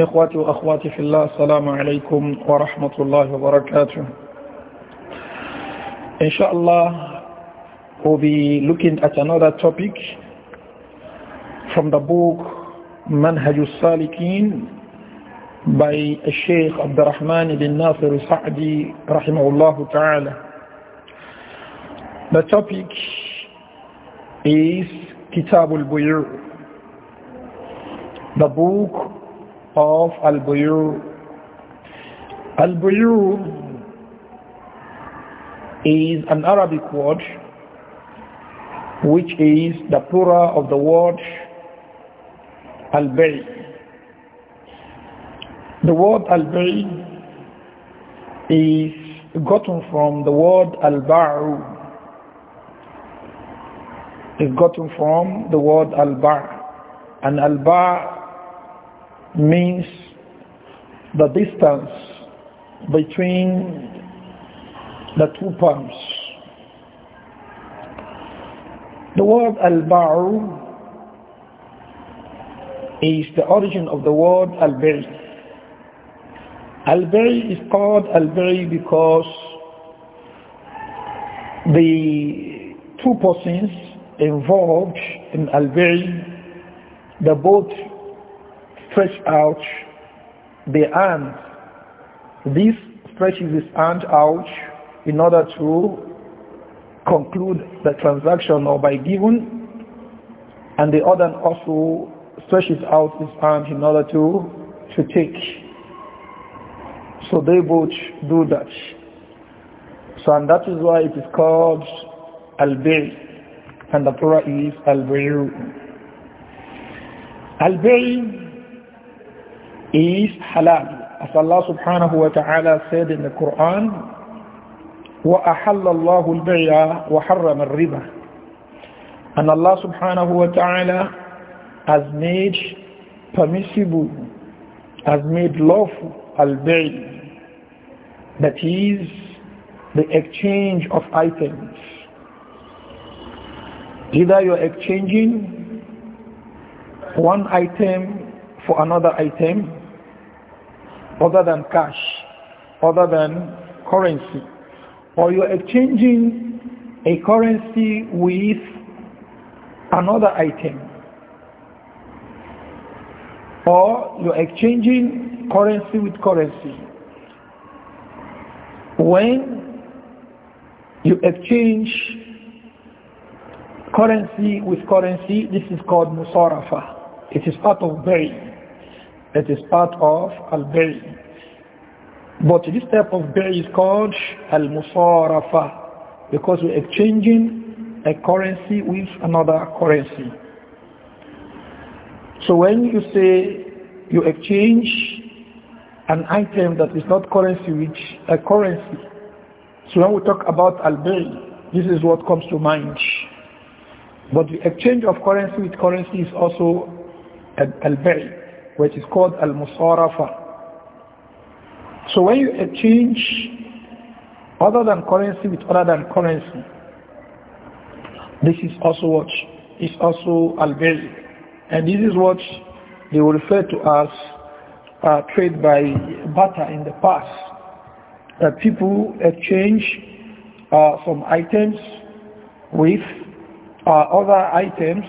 إخواتي وأخواتي في الله السلام عليكم ورحمة الله وبركاته إن شاء الله we'll be looking at another topic from the book منهج السالكين by الشيخ عبد الرحمن بن ناصر السعدي رحمه الله تعالى The topic is Kitab al-Buyu, the book of Al-Buyu. Al-Buyu is an Arabic word which is the plural of the word Al-Bay. The word Al-Bay is gotten from the word Al-Ba'u. Is gotten from the word Al-Ba' and al means the distance between the two palms. The word al-ba'u is the origin of the word al-bari. Al-bari is called al-bari because the two persons involved in al-bari, the both stretch out the hand. This stretches his hand out in order to conclude the transaction or by giving, and the other also stretches out his hand in order to, to take. So they both do that. So and that is why it is called al-bay, and the prayer is al-bayu. al is halal. As Allah subhanahu wa ta'ala said in the Quran, وَأَحَلَّ اللَّهُ الْبَيْعَ وَحَرَّمَ الرِّبَى And Allah subhanahu wa ta'ala has made permissible, has made lawful al-bay' that is the exchange of items. Either you're exchanging one item for another item other than cash, other than currency, or you're exchanging a currency with another item, or you're exchanging currency with currency. When you exchange currency with currency, this is called musarafa. It is part of buying. That is part of al-bay'. But this type of bay' is called al-musarafa because we're exchanging a currency with another currency. So when you say you exchange an item that is not currency with a currency, so when we talk about al-bay', this is what comes to mind. But the exchange of currency with currency is also al-bay' which is called al-musarafa. So when you exchange other than currency with other than currency, this is also what is also al-bayl. And this is what they will refer to as uh, trade by butter in the past. That people exchange uh, some items with uh, other items.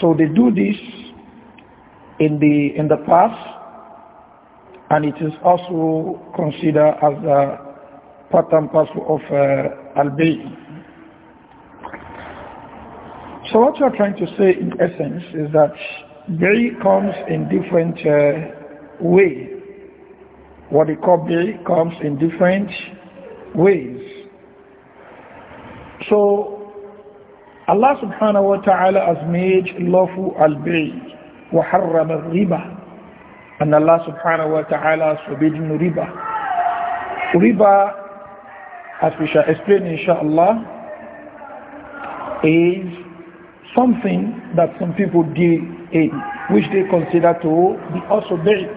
So they do this in the, in the past and it is also considered as a part and parcel of uh, al-bay'. So what you are trying to say in essence is that bay comes in different uh, way. What we call bay comes in different ways. So Allah subhanahu wa ta'ala has made lawful al-bay وحرم الربا and Allah subhanahu wa ta'ala has forbidden as we shall explain inshallah, is something that some people deal in, which they consider to be also bad.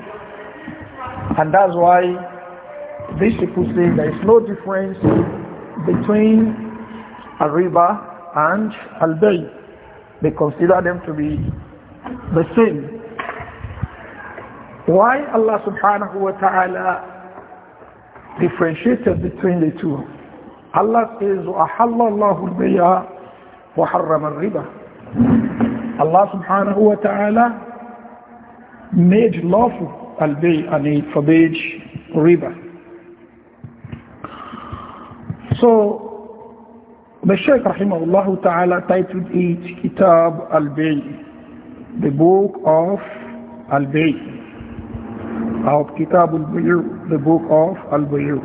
And that's why these people say there is no difference between a riba and al-bay. They consider them to be the same. Why Allah subhanahu wa ta'ala differentiated between the two? Allah says, وَأَحَلَّ اللَّهُ الْبَيْعَ وَحَرَّمَ الرِّبَى Allah subhanahu wa ta'ala made lawful al-bay' and he forbade riba. So, the Shaykh rahimahullah ta'ala titled it Kitab al-Bay' the book of Al-Bay, of Kitab al the book of Al-Bayu.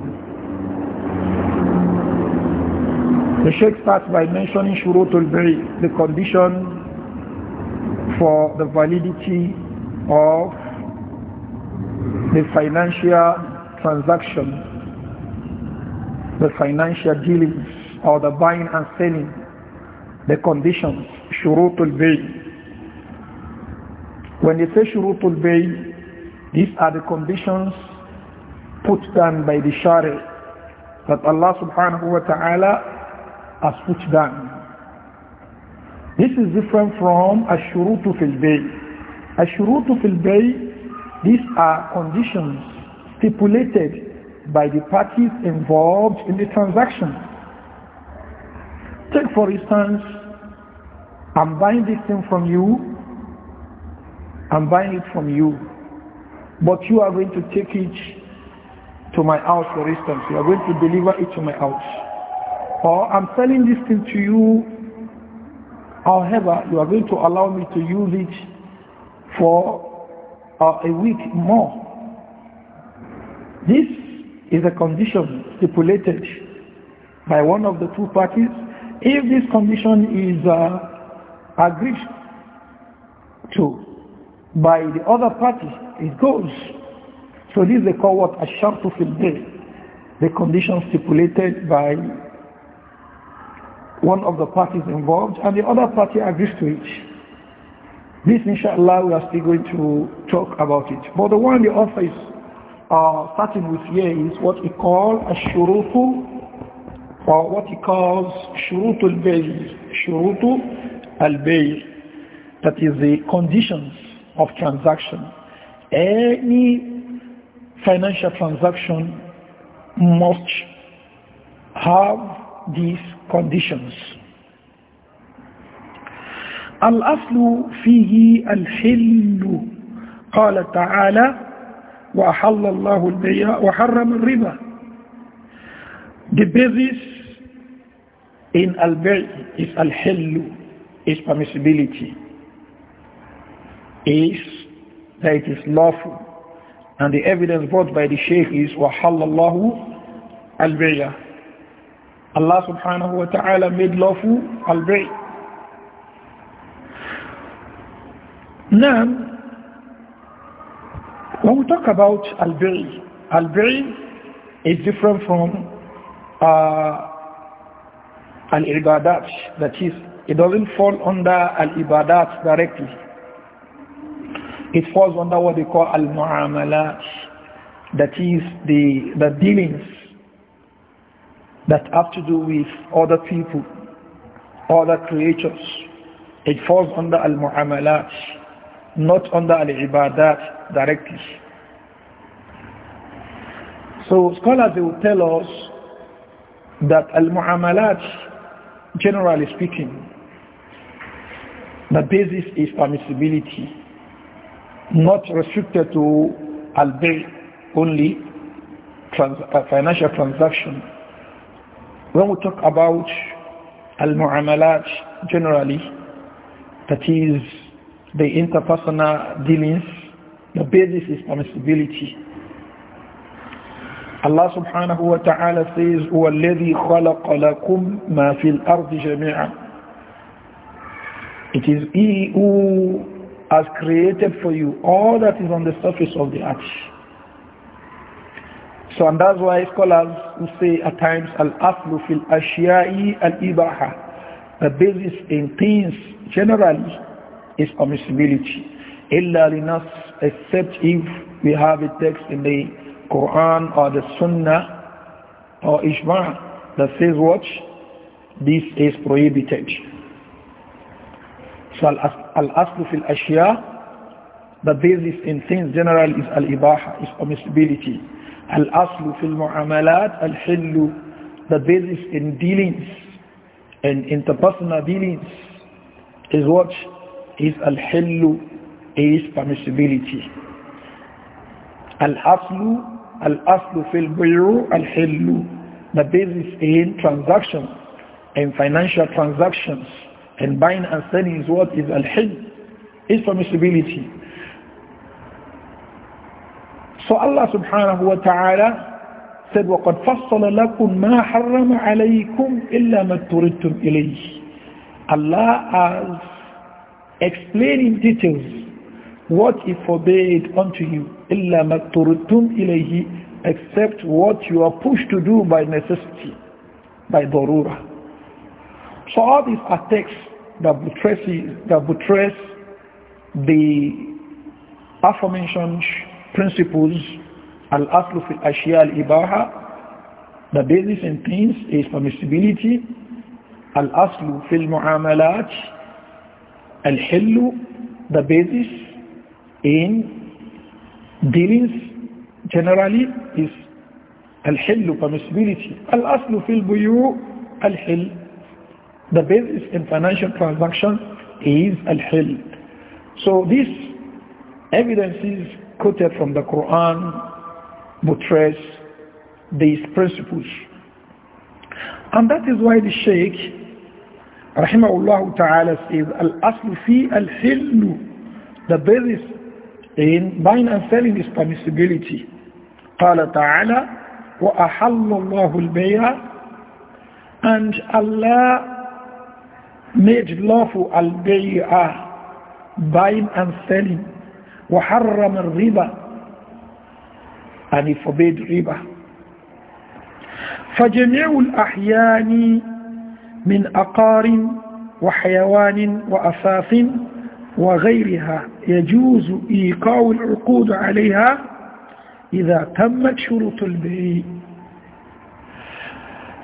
The Sheikh starts by mentioning Shurut al-Bay, the condition for the validity of the financial transaction, the financial dealings, or the buying and selling, the conditions, Shurut al-Bay, when they say shurutul bay, these are the conditions put down by the Shari that Allah subhanahu wa ta'ala has put down. This is different from ashurutu fil bay. Ashurutu fil bay, these are conditions stipulated by the parties involved in the transaction. Take for instance, I'm buying this thing from you I'm buying it from you. But you are going to take it to my house, for instance. You are going to deliver it to my house. Or I'm selling this thing to you. However, you are going to allow me to use it for uh, a week more. This is a condition stipulated by one of the two parties. If this condition is uh, agreed to, by the other party, it goes. So this they call what? Ashartu fil day. The condition stipulated by one of the parties involved and the other party agrees to it. This inshallah we are still going to talk about it. But the one the author is uh, starting with here is what he calls ashurutu or what he calls shurutul bayr. Shurutu al-bayr. That is the conditions of transaction. Any financial transaction must have these conditions. الأصل فيه الحل قال تعالى وأحل الله البيع وحرم الربا The basis in al-bay' is al-hillu, is permissibility is that it is lawful. And the evidence brought by the Shaykh is وَحَلَّ al الْبَيْعَ Allah subhanahu wa ta'ala made lawful al Now, when we talk about al-bay' al is different from uh, al-ibadat, that is, it doesn't fall under al-ibadat directly. It falls under what they call al-mu'amalat, that is the, the dealings that have to do with other people, other creatures. It falls under al muamalah not under al-ibadat directly. So scholars they will tell us that al-mu'amalat, generally speaking, the basis is permissibility not restricted to albay only trans uh, financial transaction. When we talk about al-mu'amalat generally, that is the interpersonal dealings, the basis is permissibility. Allah subhanahu wa ta'ala says, هُوَ الَّذِي خَلَقَ لَكُمْ مَا فِي الْأَرْضِ جَمِيعًا It is He who has created for you all that is on the surface of the earth. So and that's why scholars will say at times al-aflu fil ashiya'i al-ibaha. The basis in things generally is permissibility. Illa linas, except if we have a text in the Quran or the Sunnah or Ijma that says what? This is prohibited. So al-aslu fil ashya, the basis in things general is al-ibaha, is permissibility. Al-aslu fil mu'amalat, al-hillu, the basis in dealings in interpersonal dealings is what? Is al-hillu, is permissibility. Al-aslu, al-aslu fil buyu, al-hillu, the basis in transactions and financial transactions and buying and selling is what is al-hijj, is permissibility. So Allah subhanahu wa ta'ala said, وَقَدْ فَصَّلَ لَكُمْ مَا حَرَّمَ عَلَيْكُمْ إِلَّا مَا تُرِدْتُمْ إِلَيْهِ Allah has explained in details what He forbade unto you, إِلَّا مَا تُرِدْتُمْ إِلَيْهِ except what you are pushed to do by necessity, by darura. So all these are texts that buttresses, that buttress the aforementioned principles al-aslu fil ashiya al-ibaha the basis in things is permissibility al-aslu fil mu'amalat al-hillu the basis in dealings generally is al-hillu permissibility al-aslu fil buyu al-hill the basis in financial transaction is al-hil. So these evidences quoted from the Quran buttress these principles. And that is why the Shaykh, rahimahullah ta'ala, says, al asl fi al-hillu, the basis in buying and selling is permissibility. قال تعالى وأحل الله البيع and Allah made lawful al-bay'ah, buying and selling, وحرم الربا and he forbade riba. فجميع الأحيان من أقار وحيوان وأساس وغيرها يجوز إيقاع العقود عليها إذا تمت شروط البيع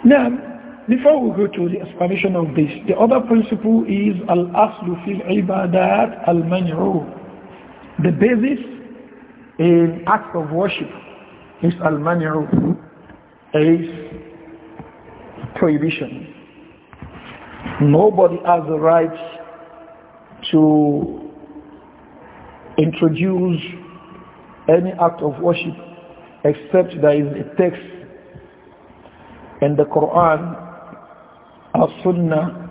نعم Before we go to the explanation of this, the other principle is al-aslu fil ibadat al-man'u. The basis in act of worship is al-man'u, is prohibition. Nobody has the right to introduce any act of worship except there is a text in the Quran a sunnah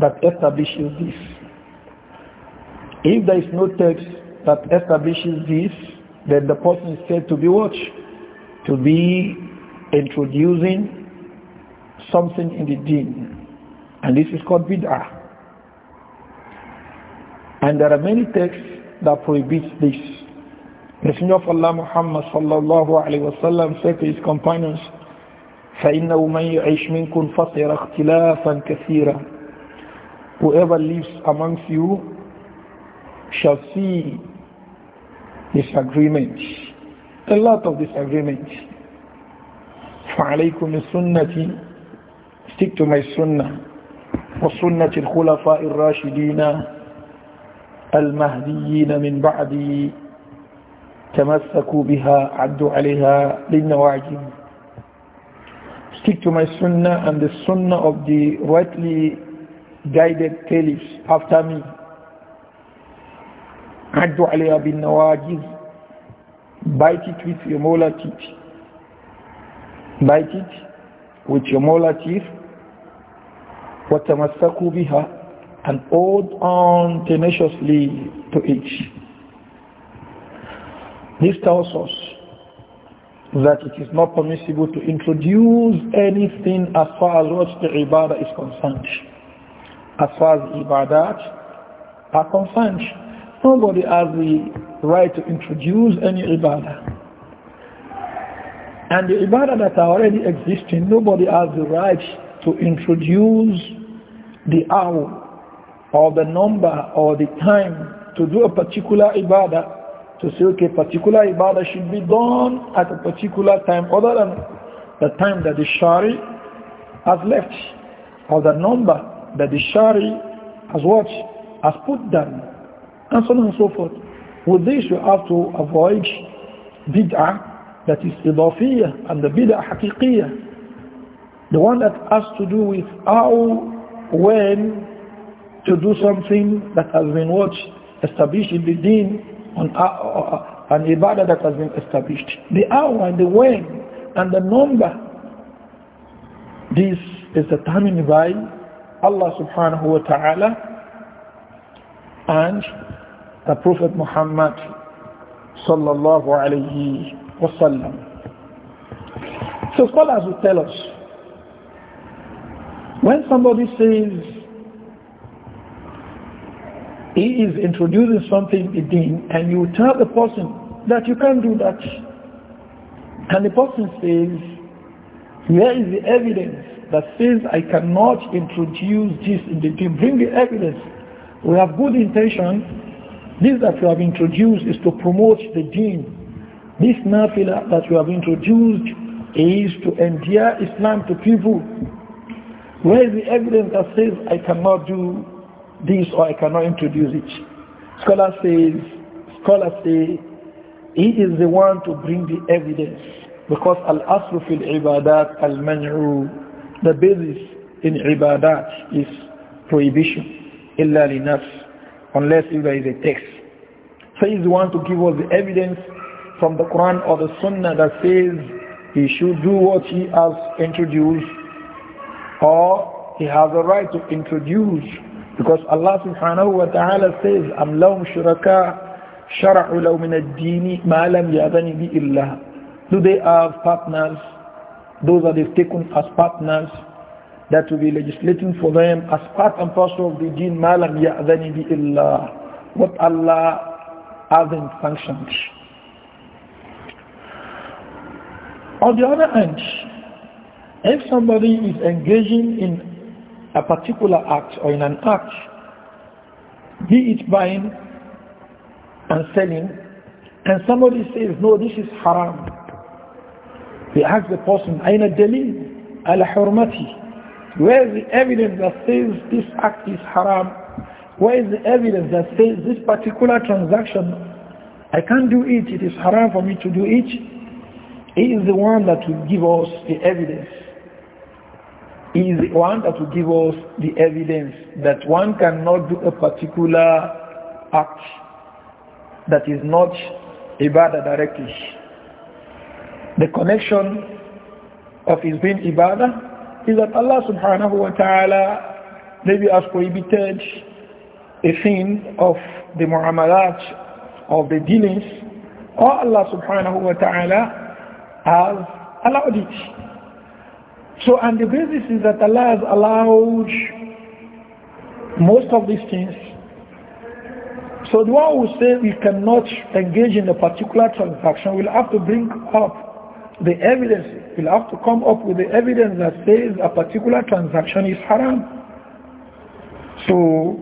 that establishes this. If there is no text that establishes this, then the person is said to be what? To be introducing something in the deen. And this is called bid'ah. And there are many texts that prohibit this. The Messenger of Allah Muhammad sallallahu alayhi wa sallam said to his companions, فإنه من يعيش منكم فصير اختلافا كثيرا whoever lives amongst you shall see disagreement a lot of disagreement فعليكم السنة stick to my سنة وسنة الخلفاء الراشدين المهديين من بعدي تمسكوا بها عدوا عليها بالنواجذ stick to my sunnah and the sunnah of the rightly guided caliphs after me. Addu alayha bin nawajiz. Bite it with your molar teeth. Bite it with your molar teeth. وَتَمَسَّكُوا بِهَا and hold on tenaciously to it. This tells us that it is not permissible to introduce anything as far as what the ibadah is concerned. As far as ibadat are concerned, nobody has the right to introduce any ibadah. And the ibadah that are already existing, nobody has the right to introduce the hour or the number or the time to do a particular ibadah to say, okay, particular ibadah should be done at a particular time other than the time that the shari has left or the number that the shari has watched, has put down, and so on and so forth. With this, you have to avoid bid'ah that is idafiyah and the bid'ah haqiqiyah. The one that has to do with how, when to do something that has been watched, established in the deen an, uh, uh, an ibadah that has been established. The hour, the when, and the number. This is determined by Allah subhanahu wa ta'ala and the Prophet Muhammad sallallahu alayhi wa sallam. So scholars will tell us, when somebody says he is introducing something in deen and you tell the person that you can't do that. And the person says, where is the evidence that says I cannot introduce this in the deen? Bring the evidence. We have good intention. This that you have introduced is to promote the deen. This nafila that you have introduced is to endear Islam to people. Where is the evidence that says I cannot do this or I cannot introduce it. Scholar says, scholar say, he is the one to bring the evidence because al-aslu fil ibadat al-man'u, the basis in ibadat is prohibition, illa linafs, unless if there is a text. So is the one to give us the evidence from the Quran or the Sunnah that says he should do what he has introduced or he has a right to introduce because Allah subhanahu wa ta'ala says, أَمْ لَهُمْ شُرَكَاءَ شَرَعُوا min مِنَ الدِّينِ ma lam يَأْذَنِ bi illah." Do they have partners, those that they've taken as partners, that will be legislating for them as part and parcel of the deen, ma lam يَأْذَنِ bi illah? What Allah hasn't sanctioned. On the other hand, if somebody is engaging in a particular act or in an act, be it buying and selling, and somebody says, no, this is haram. We ask the person, Aina Dalil, al-hurmati? hurmati. Where is the evidence that says this act is haram? Where is the evidence that says this particular transaction, I can't do it, it is haram for me to do it? He is the one that will give us the evidence is the one that will give us the evidence that one cannot do a particular act that is not ibadah directly. The connection of his being ibadah is that Allah subhanahu wa ta'ala maybe has prohibited a thing of the mu'amalat, of the dealings, or Allah subhanahu wa ta'ala has allowed it. So, and the basis is that Allah has allowed most of these things. So the one who says we cannot engage in a particular transaction will have to bring up the evidence, will have to come up with the evidence that says a particular transaction is haram. So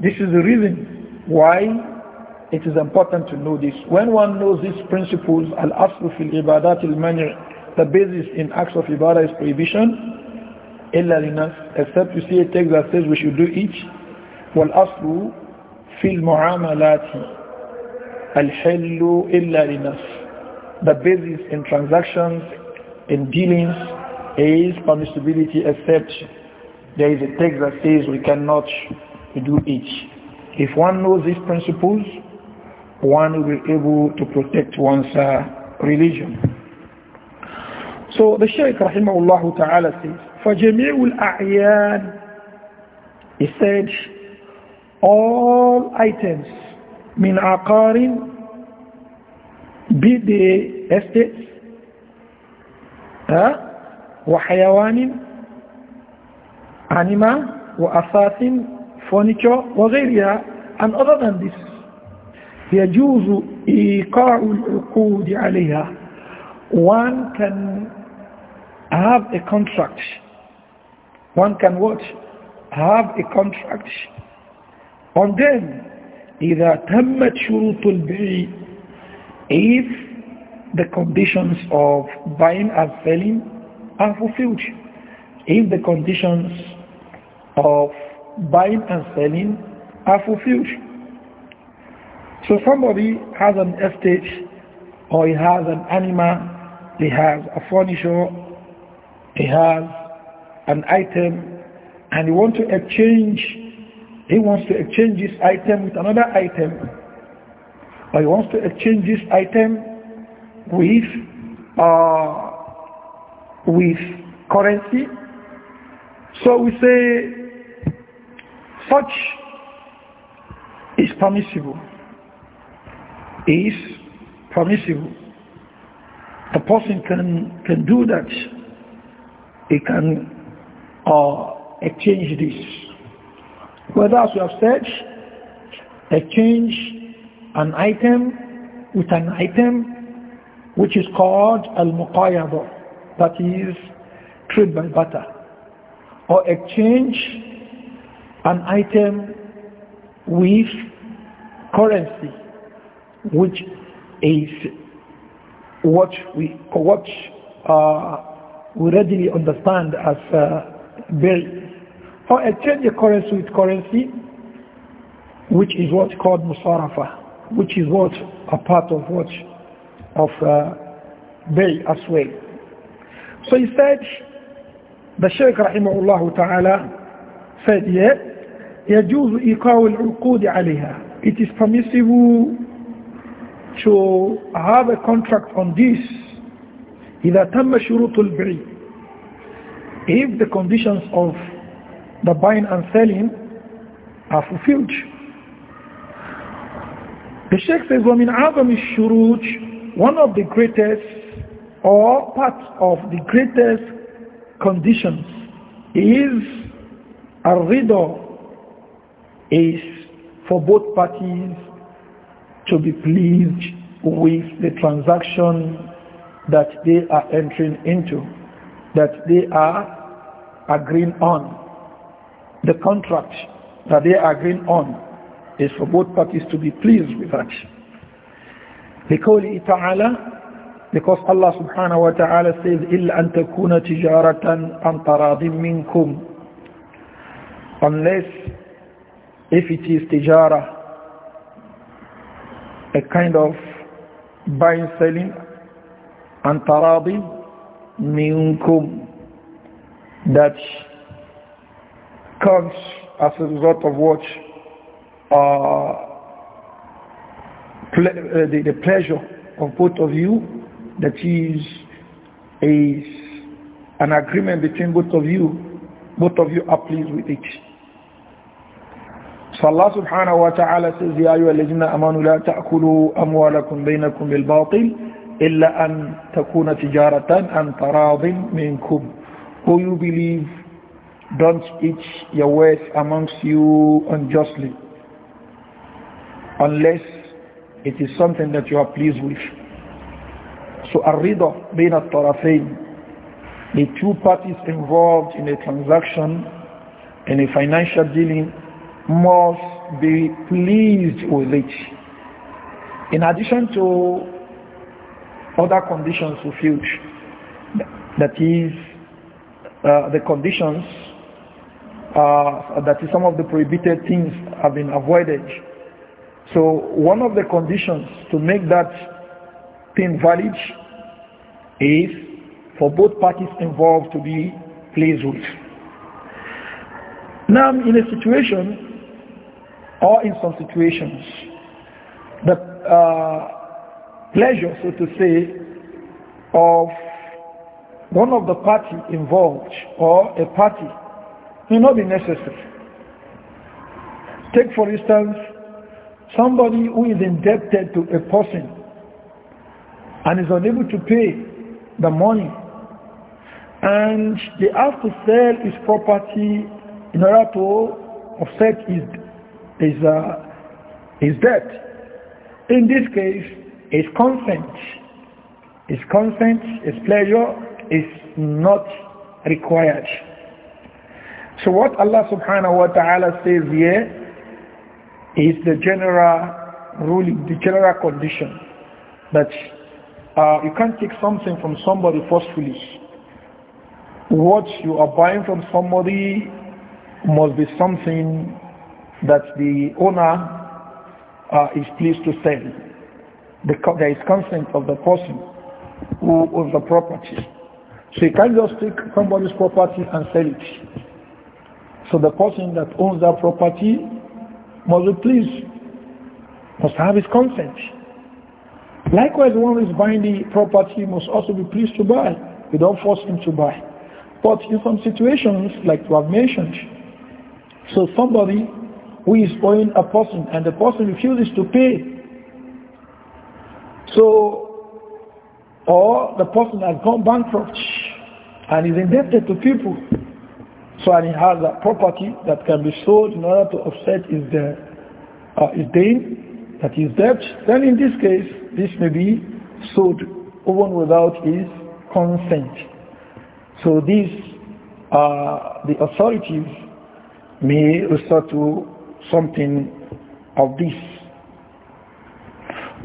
this is the reason why it is important to know this. When one knows these principles, al-aslu fil ibadat al the basis in acts of ibadah is prohibition except you see a text that says we should do each والأصل في المعاملات الحل إلا لنفس The basis in transactions, in dealings, is permissibility except there is a text that says we cannot do each. If one knows these principles, one will be able to protect one's uh, religion. So the Shaykh rahimahullah ta'ala says, فَجَمِعُ الْأَعْيَانِ He said, all items min aqarin be the estates huh? وحيوان animal وأثاث furniture وغيرها and other than this يجوز إيقاع العقود عليها one can have a contract. One can what? Have a contract. On them, إِذَا تَمَّتْ will الْبِعِ If the conditions of buying and selling are fulfilled. If the conditions of buying and selling are fulfilled. So somebody has an estate or he has an animal, he has a furniture he has an item and he wants to exchange, he wants to exchange this item with another item, or he wants to exchange this item with, uh, with currency. So we say such is permissible, is permissible. A person can, can do that they can uh, exchange this. Whether as we have said, exchange an item with an item which is called al-muqayyada, that is trade by barter, or exchange an item with currency, which is what we what uh, we readily understand as uh, bay. Or exchange a currency with currency, which is what's called musarafa, which is what a part of what of uh, as well. So he said, the Shaykh rahimahullah ta'ala said "Yeah, يجوز إيقاع العقود عليها. It is permissible to have a contract on this إذا تم شروط البيع if the conditions of the buying and selling are fulfilled the Sheikh says وَمِنْ عَظَمِ الشُّرُوج one of the greatest or part of the greatest conditions is a riddle is for both parties to be pleased with the transaction that they are entering into, that they are agreeing on. The contract that they are agreeing on is for both parties to be pleased with that. it تعالى because Allah subhanahu wa ta'ala says إِلَّا أَن تَكُونَ تِجَارَةً عَنْ تَرَاضٍ مِّنْكُمْ unless if it is tijara a kind of buying selling عن تراضي منكم that comes as a result of what uh, uh, the, the pleasure of both of you that is is an agreement between both of you both of you are pleased with it so Allah subhanahu wa ta'ala says ya ayyuhallazina amanu la ta'kulu amwalakum bainakum bil batil إلا أن تكون تجارة تراض منكم who you believe don't eat your wealth amongst you unjustly unless it is something that you are pleased with so الرضا بين tarafin, the two parties involved in a transaction in a financial dealing must be pleased with it in addition to other conditions fulfilled. That is, uh, the conditions, uh, that is some of the prohibited things have been avoided. So one of the conditions to make that thing valid is for both parties involved to be pleased with. Now in a situation or in some situations that uh, pleasure, so to say, of one of the party involved or a party may not be necessary. Take for instance, somebody who is indebted to a person and is unable to pay the money and they have to sell his property in order to offset his, his, uh, his debt. In this case, is consent. Is consent, is pleasure, is not required. So what Allah subhanahu wa ta'ala says here is the general ruling, the general condition that uh, you can't take something from somebody forcefully. What you are buying from somebody must be something that the owner uh, is pleased to sell. The, there is consent of the person who owns the property. So you can't just take somebody's property and sell it. So the person that owns that property must be pleased, must have his consent. Likewise, one who is buying the property must also be pleased to buy. You don't force him to buy. But in some situations, like we have mentioned, so somebody who is owing a person and the person refuses to pay, so, or the person has gone bankrupt and is indebted to people. So, and he has a property that can be sold in order to offset his, uh, uh his that is debt. Then in this case, this may be sold even without his consent. So these uh, the authorities may resort to something of this.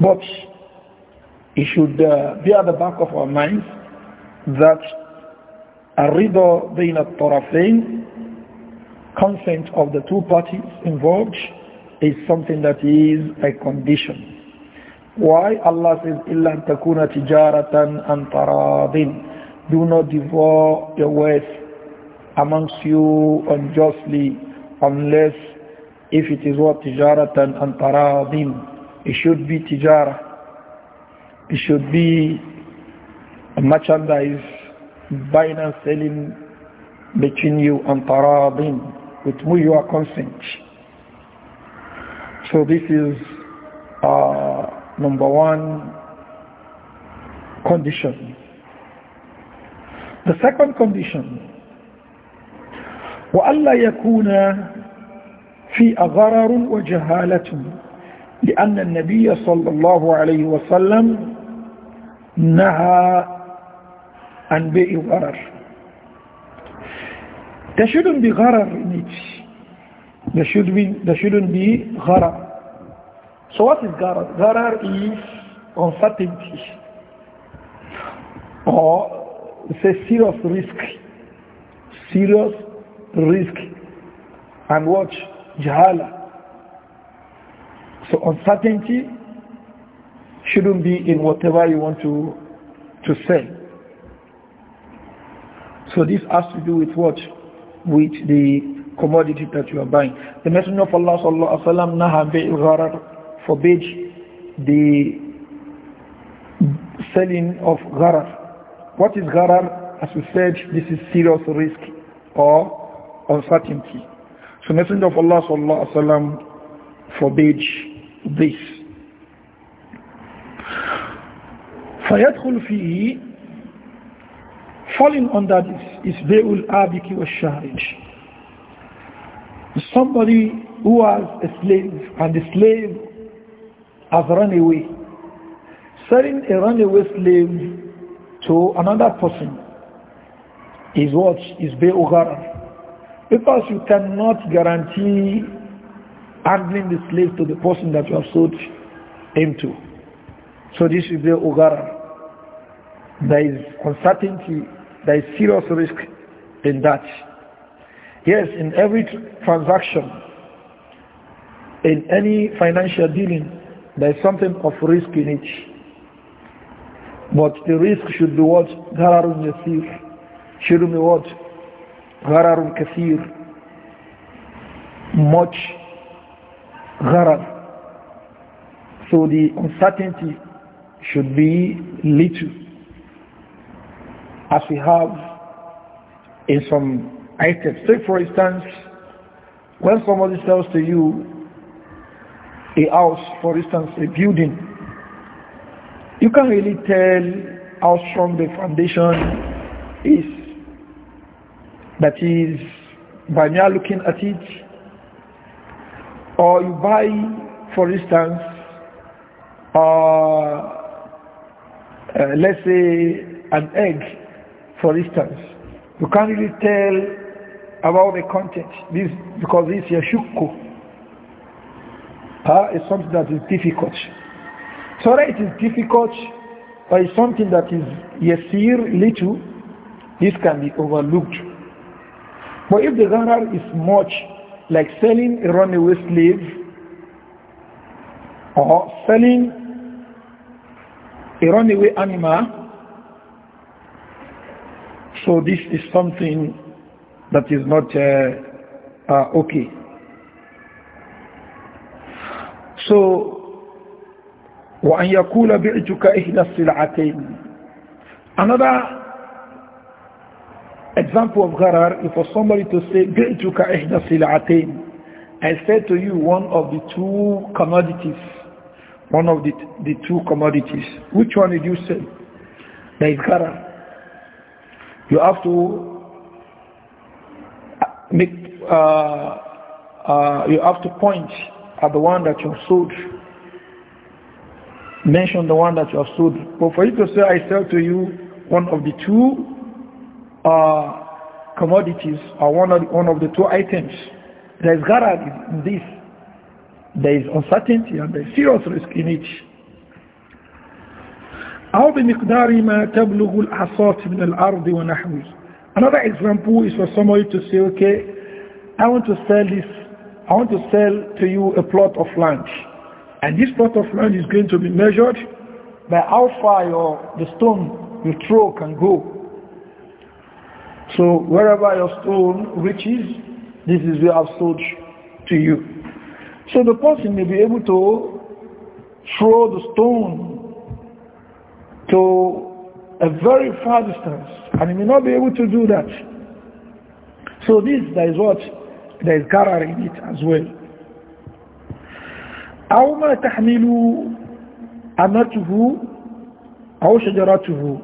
But it should uh, be at the back of our minds that الرضا بين الطرفين consent of the two parties involved is something that is a condition. Why Allah says إِلَّا تَكُونَ تِجَارَةً أَنْ تَرَاضٍ Do not devour your wealth amongst you unjustly unless if it is what تِجَارَةً أَنْ تَرَاضٍ It should be tijara it should be a merchandise buying and selling between you and Taradin with whom you are consent. So this is uh, number one condition. The second condition وألا يكون في أَغَرَرٌ وجهالة لأن النبي صلى الله عليه وسلم naha be gharar there shouldn't be gharar in it there should not be so what is gharar gharar is uncertainty or it's a serious risk serious risk and watch jahala so uncertainty shouldn't be in whatever you want to, to sell. So this has to do with what? With the commodity that you are buying. The Messenger of Allah sallallahu alaihi wasallam the selling of gharar. What is gharar? As we said, this is serious risk or uncertainty. So Messenger of Allah sallallahu alaihi wasallam this. فيدخل فيه falling under this is بيع الآبك والشارج somebody who has a slave and the slave has run away selling a runaway slave to another person is what is Be'ugara. Because you cannot guarantee handling the slave to the person that you have sold him to. So this is Be'ugara. There is uncertainty, there is serious risk in that. Yes, in every transaction, in any financial dealing, there is something of risk in it. But the risk should be what? Ghararun yasir. should be what? Ghararun kathir. Much gharar. So the uncertainty should be little as we have in some items. Take for instance, when somebody sells to you a house, for instance, a building, you can't really tell how strong the foundation is. That is, by now looking at it, or you buy, for instance, uh, uh, let's say an egg for instance, you can't really tell about the content this, because this yashukku uh, is something that is difficult. So that it is difficult but it's something that is yasir, little, this can be overlooked. But if the zarar is much, like selling a runaway slave or selling a runaway animal, so this is something that is not uh, uh, okay. So وأن يقول بعتك إحدى السلعتين Another example of gharar is for somebody to say بعتك إحدى السلعتين I said to you one of the two commodities one of the, the two commodities which one did you sell? There is gharar you have to uh, make, uh, uh, you have to point at the one that you have sold. Mention the one that you have sold. But for you to say, I sell to you one of the two uh, commodities or one of, the, one of the two items, there is gara in this. There is uncertainty and there is serious risk in it. أو بمقدار ما تبلغ العصات من الأرض ونحوه Another example is for somebody to say, okay, I want to sell this, I want to sell to you a plot of land. And this plot of land is going to be measured by how far your, the stone you throw can go. So wherever your stone reaches, this is where I've sold to you. So the person may be able to throw the stone to a very far distance and he may not be able to do that. So this, that is what? There is karar in it as well. أو ما تحمل أمته أو شجرته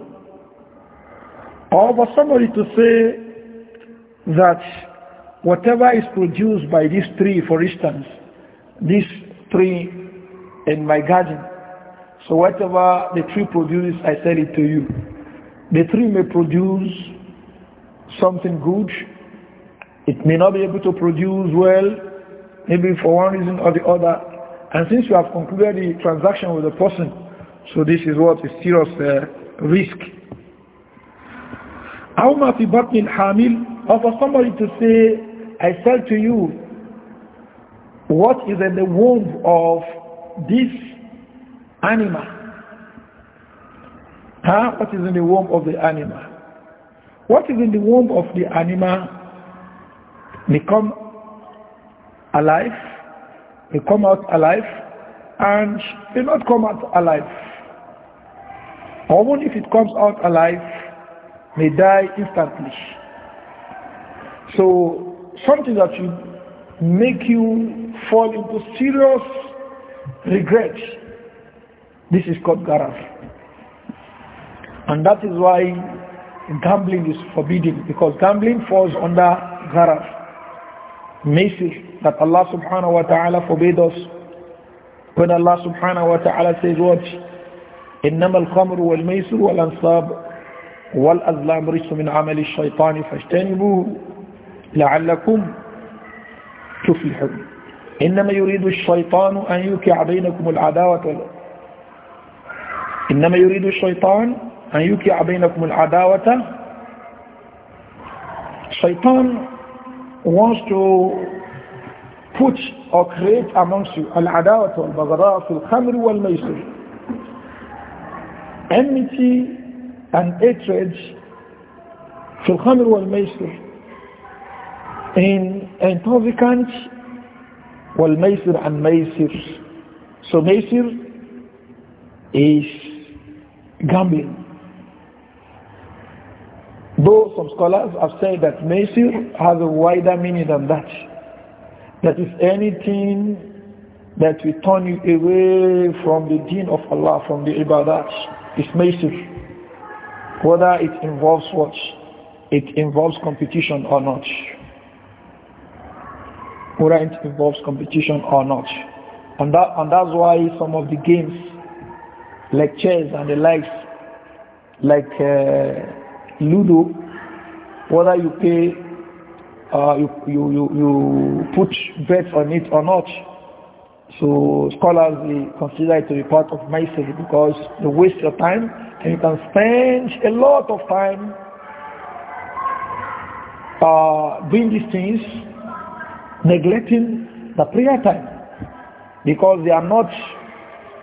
Or for somebody to say that whatever is produced by this tree, for instance, this tree in my garden, so whatever the tree produces, I sell it to you. The tree may produce something good. It may not be able to produce well, maybe for one reason or the other. And since you have concluded the transaction with the person, so this is what is serious uh, risk. أَوْمَا فِي بَطْنِ Hamil, Or for somebody to say, I sell to you what is in the womb of this animal. Huh? What is in the womb of the animal? What is in the womb of the animal become alive, they come out alive, and they not come out alive. Or even if it comes out alive, may die instantly. So something that will make you fall into serious regret this is called garaf. And that is why gambling is forbidden because gambling falls under garaf. Message that Allah subhanahu wa ta'ala forbade us when Allah subhanahu wa ta'ala says what? إنما الخمر والميسر والأنصاب والأزلام رجس من عمل الشيطان فاجتنبوه لعلكم تفلحون إنما يريد الشيطان أن يوقع بينكم العداوة إنما يريد الشيطان أن يوقع بينكم العداوة Shaitan wants to put or create amongst you العداوة والبغضاء في الخمر والميسر enmity and hatred في الخمر والميسر in intoxicants والميسر and ميسر so ميسر is gambling. Though some scholars have said that Masir has a wider meaning than that. That is anything that will turn you away from the deen of Allah, from the ibadah, is Masir. Whether it involves what? It involves competition or not. Whether it involves competition or not. And, that, and that's why some of the games lectures and the likes, like uh, Ludo, whether you pay, uh, you, you, you, you put bets on it or not. So scholars consider it to be part of mystery because you waste your time and you can spend a lot of time uh, doing these things, neglecting the prayer time because they are not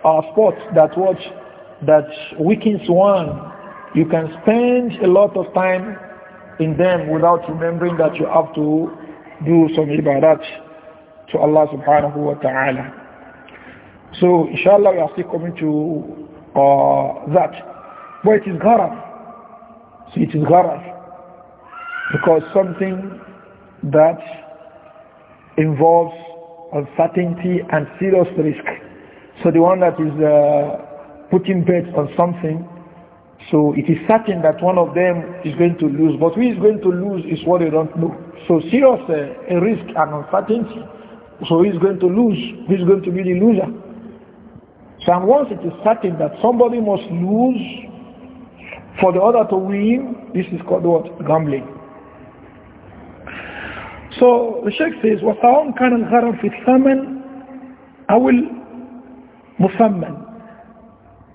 are sports that watch that weakens one. You can spend a lot of time in them without remembering that you have to do some ibadat to Allah subhanahu wa ta'ala. So inshallah we are still coming to uh, that. But it is gharar. So it is gharar. Because something that involves uncertainty and serious risk. So the one that is uh, putting bets on something, so it is certain that one of them is going to lose. But who is going to lose is what they don't know. So serious uh, a risk and uncertainty. So who is going to lose? Who is going to be the loser? So and once it is certain that somebody must lose for the other to win, this is called what? Gambling. So the Sheikh says, وَسَعَوْنْ كَانَ الْغَرَمْ فِي الثَّمَنِ will."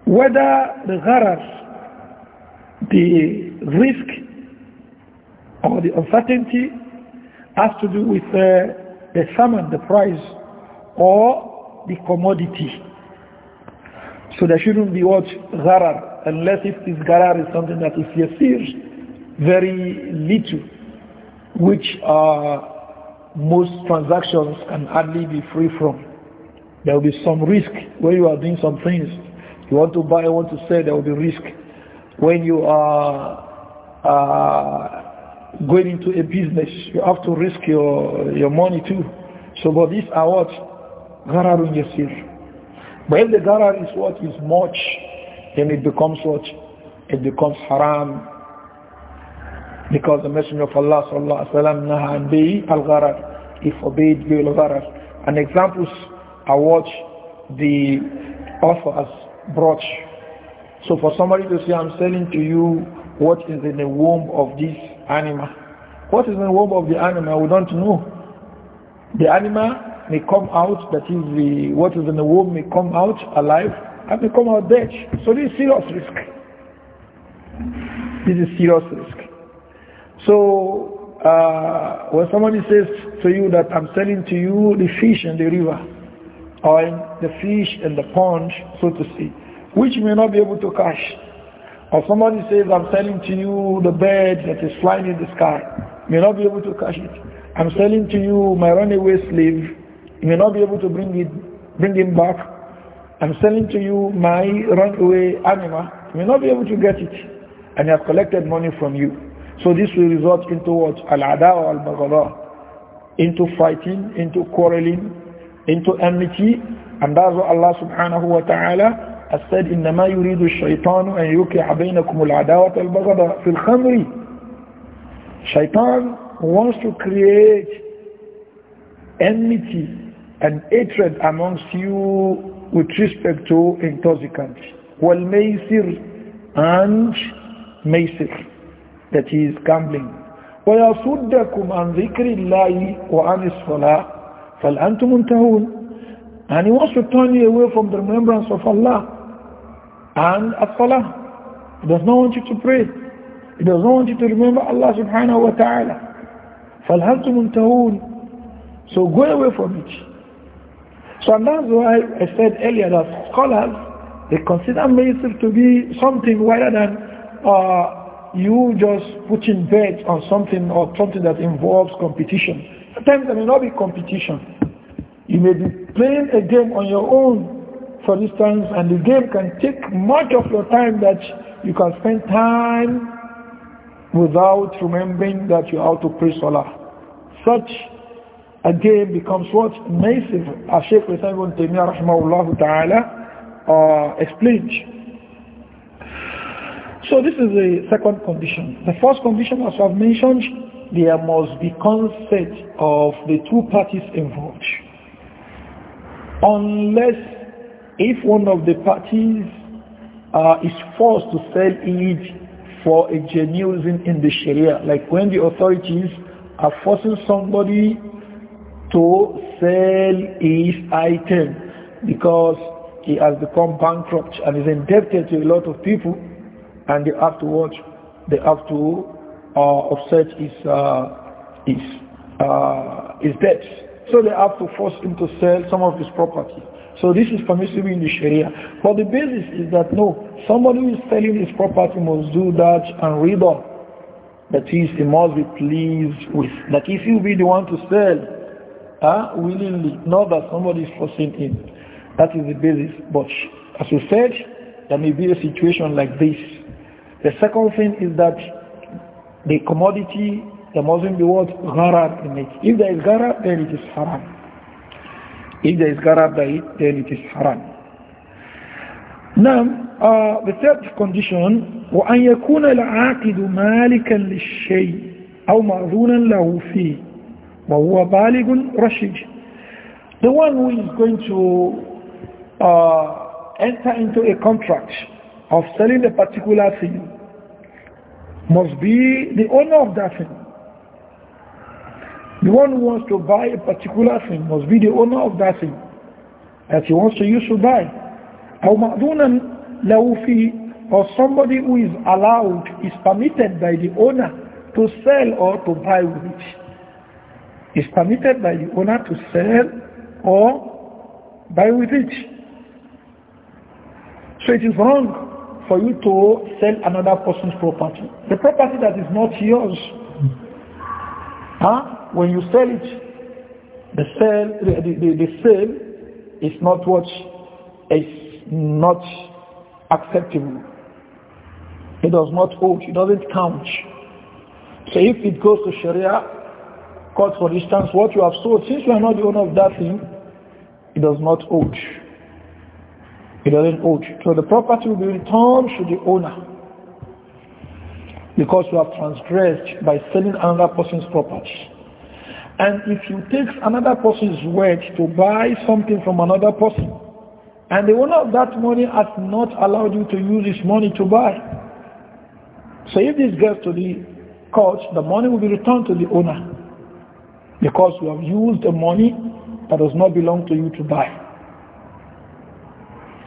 Whether the gharar, the risk or the uncertainty has to do with uh, the and the price, or the commodity. So there shouldn't be what gharar, unless if this gharar is something that is yasir, very little, which uh, most transactions can hardly be free from. There will be some risk when you are doing some things. You want to buy, you want to sell, there will be risk. When you are uh, going into a business, you have to risk your, your money too. So but this, I what? Ghararun yasir. But if the gharar is what is much, then it becomes what? It becomes haram. Because the Messenger of Allah sallallahu alaihi wasallam nahan al-gharar. He forbade bi gharar And examples are what the offers brought. So for somebody to say, I'm selling to you what is in the womb of this animal. What is in the womb of the animal? We don't know. The animal may come out, that is the, what is in the womb may come out alive and may come out dead. So this is serious risk. This is serious risk. So uh, when somebody says to you that I'm selling to you the fish in the river, or the fish and the pond, so to say, which may not be able to catch. Or somebody says, I'm selling to you the bird that is flying in the sky, may not be able to catch it. I'm selling to you my runaway slave, may not be able to bring it, bring him back. I'm selling to you my runaway animal, may not be able to get it. And I have collected money from you. So this will result into what? Al-ada or al-baghara. Into fighting, into quarreling, into enmity and that's what Allah subhanahu wa ta'ala has said إنما يريد الشيطان أن يوقع بينكم العداوة البغضاء في الخمر شيطان wants to create enmity and hatred amongst you with respect to intoxicants والميسر and maysir that he is gambling ويصدكم عن ذكر الله وعن الصلاة فَالْأَنْتُمْ مُنْتَهُونَ And he wants to turn you away from the remembrance of Allah and as-salah. He does not want you to pray. He does not want you to remember Allah subhanahu wa ta'ala. فَالْأَنْتُمْ مُنْتَهُونَ So go away from it. So and that's why I said earlier that scholars, they consider Maisir to be something rather than uh, you just putting bets on something or something that involves competition. Sometimes there may not be competition. You may be playing a game on your own, for instance, and the game can take much of your time that you can spend time without remembering that you have to pray Salah. Such a game becomes what? Massive, as Shaykh Rasulullah ibn Taymiyyah rahmahullah ta'ala uh, explained. So this is the second condition. The first condition, as I've mentioned, there must be consent of the two parties involved. Unless if one of the parties uh, is forced to sell it for a genuine in the Sharia, like when the authorities are forcing somebody to sell his item because he has become bankrupt and is indebted to a lot of people and they have to watch, they have to uh, offset his, uh, his, uh, his debt. So they have to force him to sell some of his property. So this is permissible in the Sharia. But the basis is that no, somebody who is selling his property must do that and read on. That is, he must be pleased with. That if you be the one to sell uh, willingly, not that somebody is forcing him. That is the basis. But as we said, there may be a situation like this. The second thing is that the commodity, there mustn't be what? Gharar in it. If there is gharar, then it is haram. If there is gharar, then it is haram. Now, uh, the third condition, وأن يكون العاقد مالكا للشيء أو له فيه وهو بالغ The one who is going to uh, enter into a contract of selling a particular thing must be the owner of that thing. The one who wants to buy a particular thing must be the owner of that thing that he wants to use to buy. أو مأذونا له فيه or somebody who is allowed, is permitted by the owner to sell or to buy with it. Is permitted by the owner to sell or buy with it. So it is wrong for you to sell another person's property. The property that is not yours, huh? when you sell it, the sale, the, the, the sale is not what is not acceptable. It does not hold, it doesn't count. So if it goes to Sharia court, for instance, what you have sold, since you are not the owner of that thing, it does not hold. It doesn't owe. So the property will be returned to the owner because you have transgressed by selling another person's property. And if you take another person's word to buy something from another person, and the owner of that money has not allowed you to use his money to buy, so if this gets to the court, the money will be returned to the owner because you have used the money that does not belong to you to buy.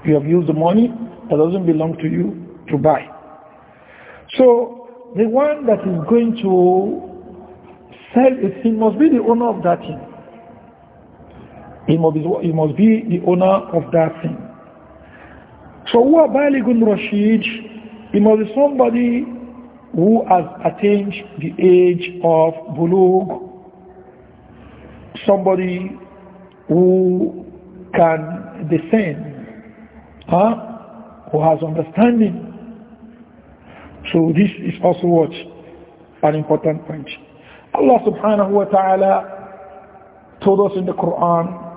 You have used the money that doesn't belong to you to buy. So the one that is going to sell a thing must be the owner of that thing. He must be, he must be the owner of that thing. So who are Baligun Rashid? He must be somebody who has attained the age of Bulug, somebody who can descend huh? who has understanding. So this is also what an important point. Allah subhanahu wa ta'ala told us in the Quran,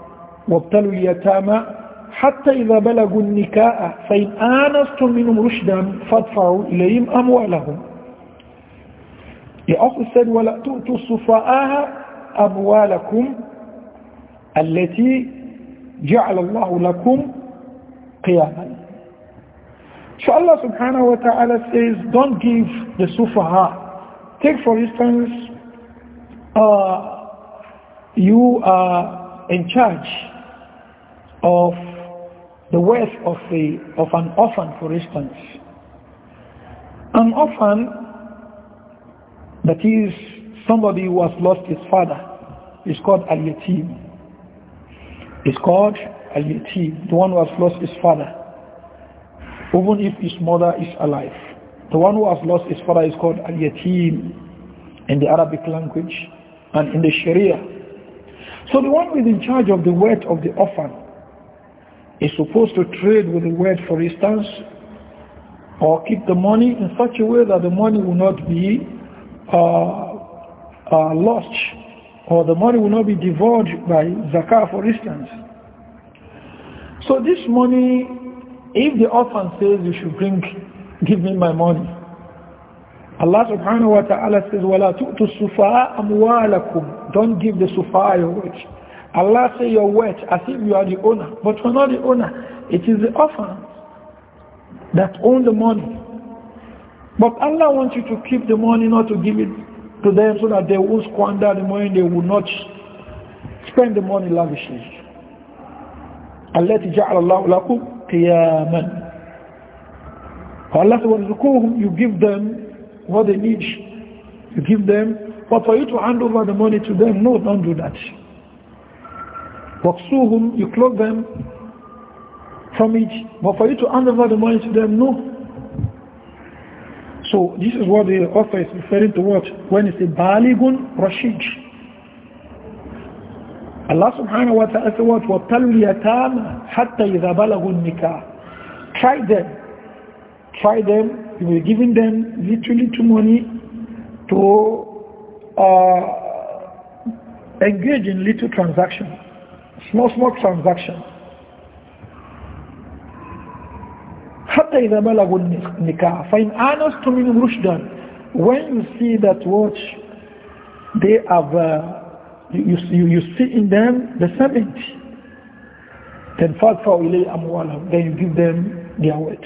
وابتلوا اليتامى حتى إذا بلغوا النكاء فإن آنستم منهم رشدا فادفعوا إليهم أموالهم He also said ولا تؤتوا السفهاء أموالكم التي جعل الله لكم Qiyamah. So Allah subhanahu wa ta'ala says, don't give the sufaha. Take for instance, uh, you are in charge of the wealth of, a, of an orphan, for instance. An orphan, that is somebody who has lost his father, is called al-yatim. It's called al-yatim, the one who has lost his father, even if his mother is alive. The one who has lost his father is called al-yatim in the Arabic language and in the Sharia. So the one who is in charge of the wealth of the orphan is supposed to trade with the wealth, for instance, or keep the money in such a way that the money will not be uh, uh, lost or the money will not be devoured by zakah, for instance. So this money, if the orphan says you should bring, give me my money. Allah subhanahu wa ta'ala says, وَلَا تُؤْتُ السُّفَاءَ أَمْوَالَكُمْ Don't give the sufa'a your wealth. Allah say your wealth as if you are the owner. But you're not the owner. It is the orphan that own the money. But Allah wants you to keep the money, not to give it to them so that they won't squander the money, they will not spend the money lavishly. التي جعل الله لكم قياما Allah said, وَرْزُقُوهُمْ You give them what they need. You give them. But for you to hand over the money to them, no, don't do that. وَقْسُوهُمْ You clothe them from it. But for you to hand over the money to them, no. So this is what the author is referring to what? When it's a baligun rashid. Allah subhanahu wa ta'ala said what? وَطَلُّ الْيَتَامَ حَتَّى إِذَا بَلَغُوا النِّكَاحِ Try them. Try them. You will be giving them little, little money to uh, engage in little transactions. Small, small transactions. حَتَّى إِذَا بَلَغُوا النِّكَاحِ فَإِنْ آنَسْتُ مِنْهُمْ رُشْدًا When you see that watch, they have... Uh, you, you, you see in them the serpent. Then then you give them their wealth.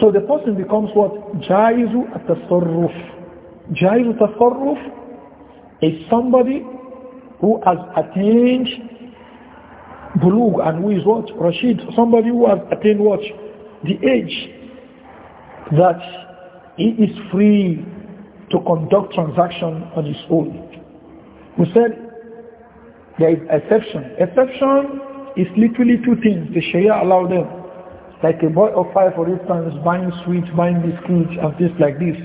So the person becomes what? Jaizu at-tasarruf. Jaizu tasarruf is somebody who has attained bulug and who is what? Rashid. Somebody who has attained what? The age that he is free to conduct transaction on his own who said there is exception. Exception is literally two things. The Sharia allowed them. Like a boy of five, for instance, buying sweets, buying biscuits, and things like this.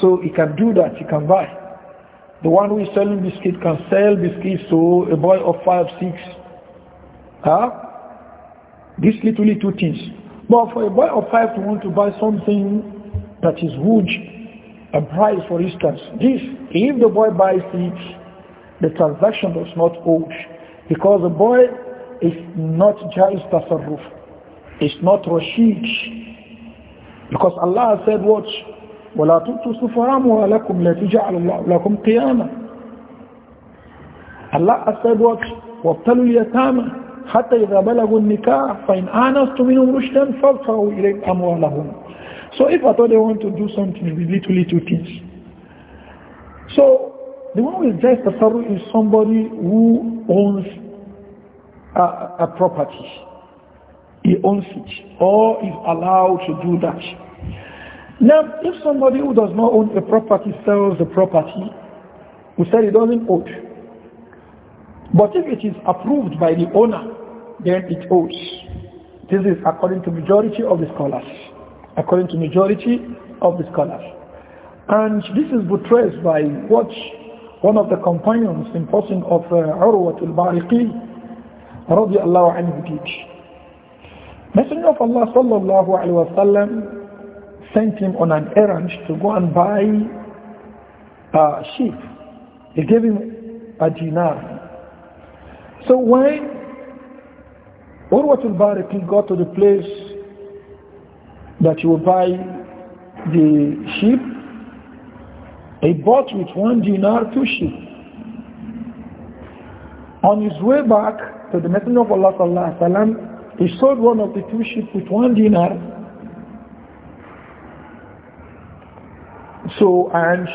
So he can do that, he can buy. The one who is selling biscuit can sell biscuits to a boy of five, six. Huh? This literally two things. But for a boy of five to want to buy something that is huge a price, for instance, this, if the boy buys it, the transaction does not hold because the boy is not Jaiz Tasarruf, it's not Rashid. Because Allah said what? وَلَا تُؤْتُوا السُّفَهَاءَ أَمْوَالَكُمْ الَّتِي جَعَلَ اللَّهُ لَكُمْ قِيَامًا Allah said what? وَابْتَلُوا الْيَتَامَى حتى إذا بلغوا النكاح فإن آنستم منهم رشدا فادفعوا إليهم أموالهم So if at all they want to do something with little, little things. So the one with the tasarruf is somebody who owns a, a property. He owns it or is allowed to do that. Now, if somebody who does not own a property sells the property, we said he doesn't owe. But if it is approved by the owner, then it owes. This is according to majority of the scholars. According to majority of the scholars. And this is buttressed by what one of the companions in passing of uh, Urwat al-Bariqi radiallahu anhu Messenger of Allah sallallahu alayhi wa sallam sent him on an errand to go and buy a sheep. He gave him a dinar. So when Urwat al-Bariqi got to the place that he will buy the sheep, he bought with one dinar two sheep. On his way back to the Messenger of Allah sallallahu alaihi wasallam, he sold one of the two sheep with one dinar. So and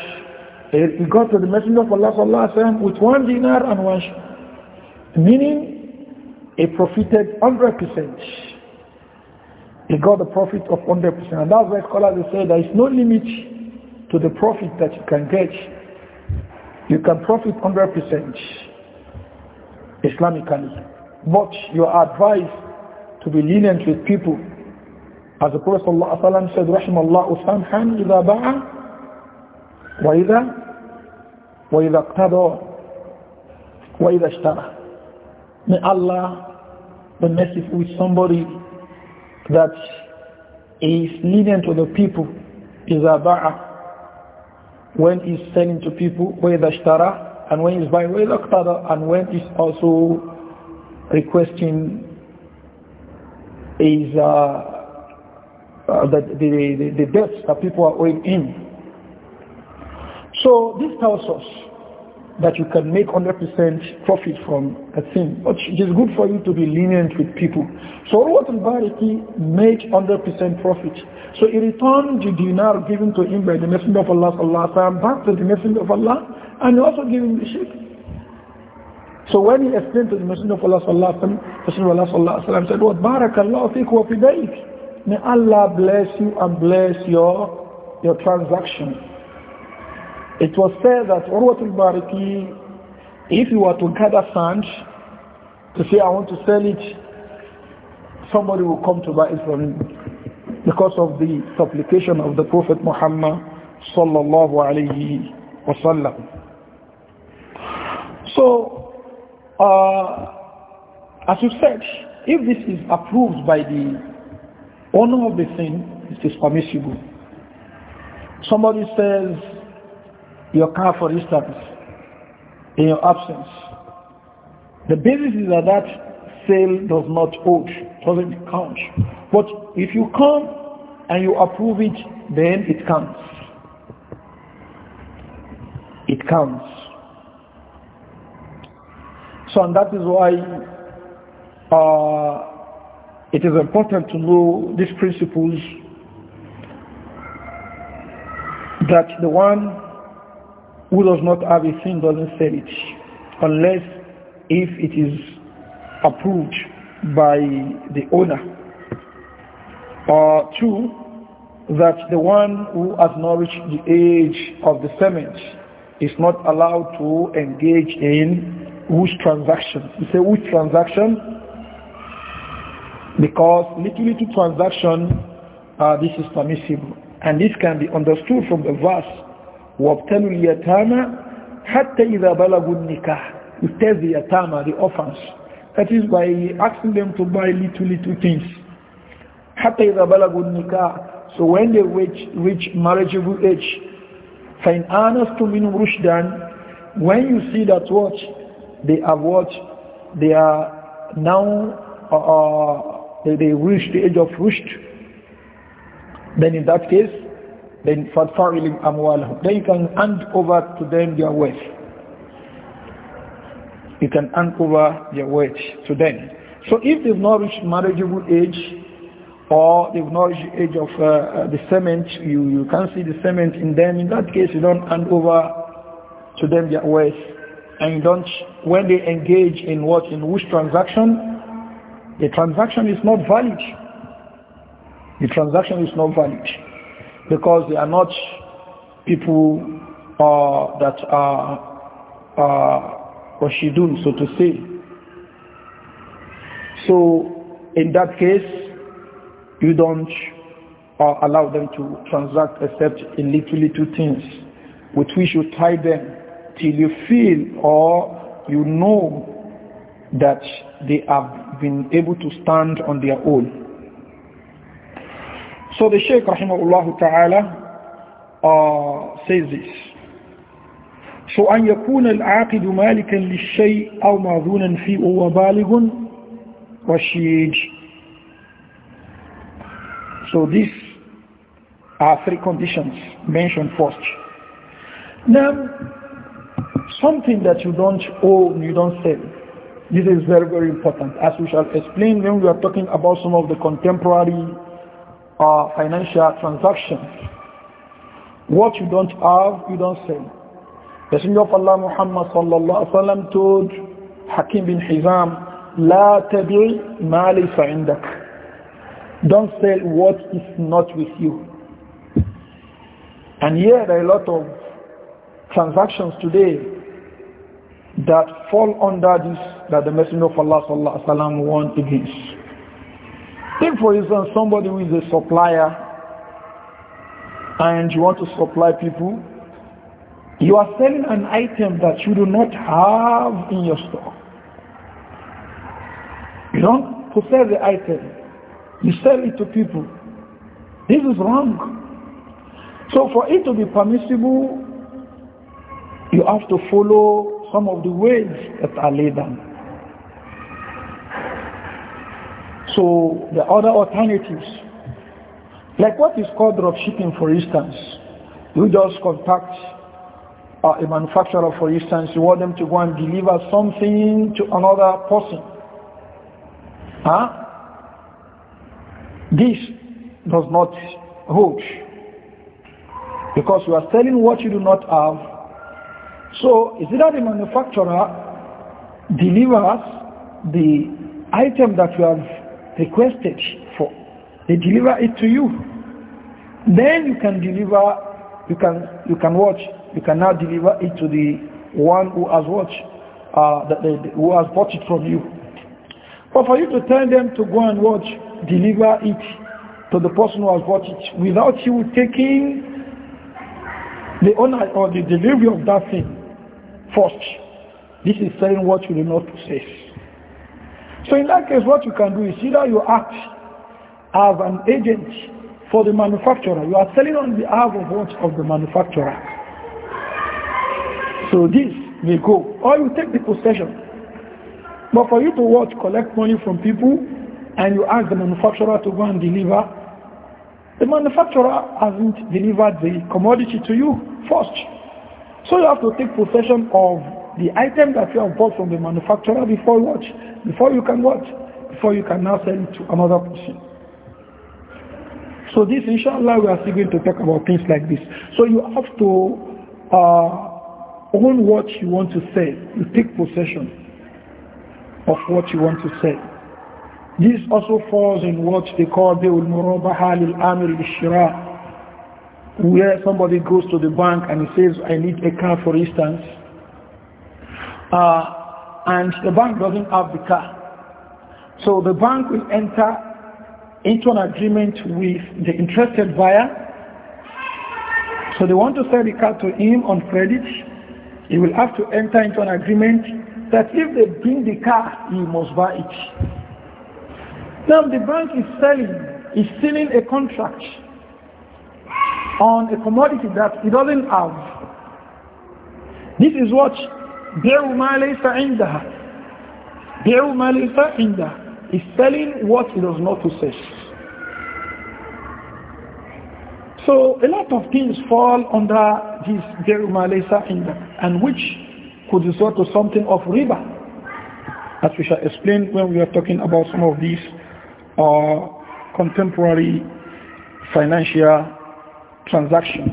he got to the Messenger of Allah sallallahu alaihi wasallam with one dinar and one sheep, meaning he profited 100 percent. He got the profit of 100 percent, and that's why scholars say there is no limit to the profit that you can get. You can profit 100% Islamically. But you are advised to be lenient with people. As the Prophet ﷺ said, رحم الله سمحا إذا باع وإذا وإذا اقتضى وإذا اشترى. May Allah be merciful with somebody that is lenient to the people. إذا باع when he's selling to people, وَإِذَا اشْتَرَى and when he's buying, وَإِذَا اقْتَرَى and when he's also requesting is uh, uh, the, the, the, the debts that people are owing him. So this tells us that you can make 100% profit from a thing. But it is good for you to be lenient with people. So what al-Bariki made 100% profit. So he returned the dinar given to him by the Messenger of Allah sallallahu alaihi wasallam back to the Messenger of Allah and also giving the sheep. So when he explained to the Messenger of Allah sallallahu alaihi wasallam, Messenger of Allah sallallahu alaihi wasallam said, "What barakallahu fiik wa fidaik. May Allah bless you and bless your your transaction." It was said that Urwatul Bariki, if you were to gather sand to say, I want to sell it, somebody will come to buy it from you because of the supplication of the Prophet Muhammad sallallahu alayhi wasallam. So, uh, as you said, if this is approved by the owner of the thing, it is permissible. Somebody says, your car for instance, in your absence. The basis is that that sale does not hold, doesn't count. But if you come and you approve it, then it counts. It counts. So and that is why uh, it is important to know these principles that the one who does not have a sin doesn't sell it unless if it is approved by the owner. Or uh, two, that the one who has not reached the age of the cement is not allowed to engage in whose transaction. You say which transaction? Because little little transaction, uh, this is permissible. And this can be understood from the verse وابتلوا اليتامى حتى إذا بلغوا النكاح You test the yatama, the orphans. That is by asking them to buy little, little things. حتى إذا بلغوا النكاح So when they reach, reach marriageable age, فإن آنستم منهم رشدا When you see that what they have what they are now uh, uh they, they reached the age of rushd, then in that case then فَتْفَعِلِمْ أَمْوَالَهُمْ Then you can hand over to them their wealth. You can hand over their wealth to them. So if they've not reached marriageable age, or they've not reached age of uh, uh, the cement, you, you can't see the cement in them, in that case you don't hand over to them their wealth. And you don't, when they engage in what, in which transaction, the transaction is not valid. The transaction is not valid because they are not people uh, that are uh, Rashidun, so to say. So in that case, you don't uh, allow them to transact except in little, little things with which you tie them till you feel or you know that they have been able to stand on their own. So the Shaykh rahimahullah ta'ala uh, says this. So أن يكون العاقد مالكا للشيء أو معذونا فيه وهو بالغ رشيد. So these are three conditions mentioned first. Now, something that you don't own, you don't sell. This is very, very important, as we shall explain when we are talking about some of the contemporary or financial transaction. What you don't have, you don't sell. The Messenger of Allah Muhammad sallallahu alaihi wasallam told Hakim bin Hizam, لا تبيع ما ليس عندك. Don't sell what is not with you. And here there are a lot of transactions today that fall under this that the Messenger of Allah sallallahu alaihi wasallam warned against. Take for instance, somebody who is a supplier and you want to supply people, you are selling an item that you do not have in your store. You don't possess the item. You sell it to people. This is wrong. So for it to be permissible, you have to follow some of the ways that are laid down. So the other alternatives, like what is called drop shipping, for instance, you just contact uh, a manufacturer for instance, you want them to go and deliver something to another person. Huh? This does not hold because you are selling what you do not have. So is it that the manufacturer delivers the item that you have requested for. They deliver it to you. Then you can deliver, you can, you can watch, you can now deliver it to the one who has watched, uh, the, the, who has bought it from you. But for you to tell them to go and watch, deliver it to the person who has bought it without you taking the owner or the delivery of that thing first. This is saying what you do not possess. So in that case, what you can do is either you act as an agent for the manufacturer. You are selling on behalf of what? Of the manufacturer. So this may go. Or you take the possession. But for you to what? Collect money from people and you ask the manufacturer to go and deliver. The manufacturer hasn't delivered the commodity to you first. So you have to take possession of the item that you have bought from the manufacturer before you watch, before you can watch, before you can now sell it to another person. So this, inshallah, we are still going to talk about things like this. So you have to uh, own what you want to sell. You take possession of what you want to sell. This also falls in what they call the murabaha lil amir shirah where somebody goes to the bank and he says, I need a car, for instance uh, and the bank doesn't have the car. So the bank will enter into an agreement with the interested buyer. So they want to sell the car to him on credit. He will have to enter into an agreement that if they bring the car, he must buy it. Now the bank is selling, is selling a contract on a commodity that he doesn't have. This is what Bi'u inda, laysa indaha. Is selling what he does not possess. So a lot of things fall under this Bi'u inda, And which could result to something of riba. As we shall explain when we are talking about some of these uh, contemporary financial transactions.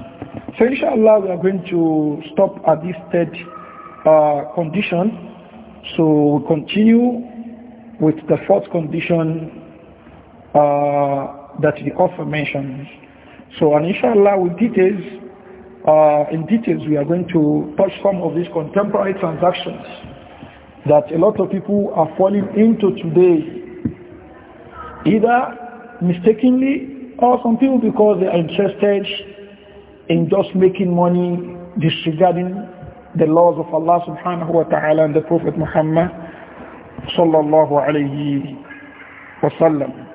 So inshallah we are going to stop at this stage. Uh, condition. So we continue with the fourth condition uh, that the also mentions. So and inshallah with details, uh, in details we are going to touch some of these contemporary transactions that a lot of people are falling into today, either mistakenly or some people because they are interested in just making money disregarding the laws of Allah subhanahu wa ta'ala and the Prophet Muhammad sallallahu alayhi wasallam.